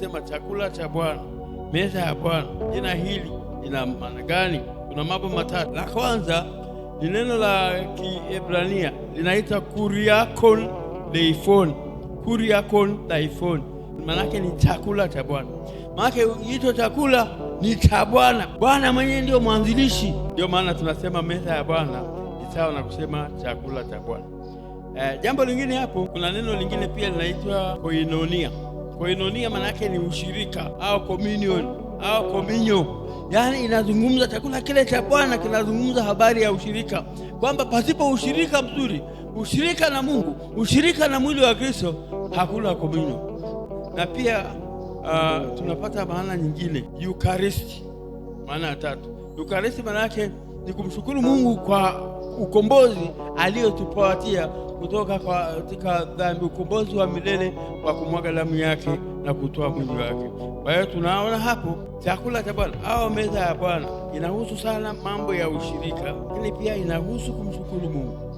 sema chakula cha Bwana, meza ya Bwana. Jina hili lina maana gani? Kuna mambo matatu. La kwanza ni neno la Kiebrania linaitwa kuriakon leifon. Kuriakon leifon maanake ni chakula cha Bwana, maanake hicho chakula ni cha Bwana. Bwana mwenyewe ndio mwanzilishi. Ndio maana tunasema meza ya Bwana ni sawa na kusema chakula cha Bwana. Eh, jambo lingine hapo, kuna neno lingine pia linaitwa koinonia. Koinonia maana yake ni ushirika au communion au kominyo, yaani inazungumza chakula kile cha Bwana kinazungumza habari ya ushirika, kwamba pasipo ushirika mzuri, ushirika na Mungu, ushirika na mwili wa Kristo, hakuna kominyo. Na pia uh, tunapata maana nyingine Eucharisti, maana ya tatu. Eucharisti maana yake ni kumshukuru Mungu kwa ukombozi aliyotupatia kutoka katika dhambi, ukombozi wa milele wa kumwaga damu yake na kutoa mwili wake. Kwa hiyo tunaona hapo chakula cha Bwana au meza ya Bwana inahusu sana mambo ya ushirika, lakini pia inahusu kumshukuru Mungu.